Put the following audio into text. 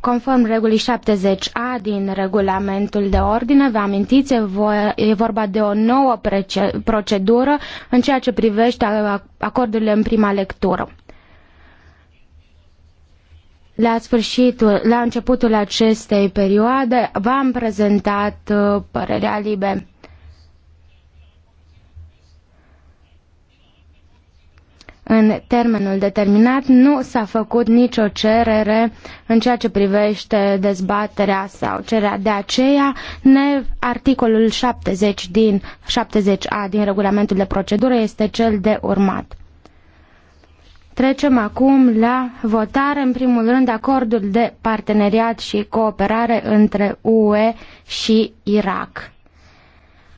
Conform regulii 70A din regulamentul de ordine, vă amintiți, e vorba de o nouă procedură în ceea ce privește acordurile în prima lectură. La sfârșitul, la începutul acestei perioade, v-am prezentat uh, părerea liberă. în termenul determinat nu s-a făcut nicio cerere în ceea ce privește dezbaterea sau cererea. De aceea, ne, articolul 70 din 70A din regulamentul de procedură este cel de urmat. Trecem acum la votare, în primul rând, acordul de parteneriat și cooperare între UE și Irak.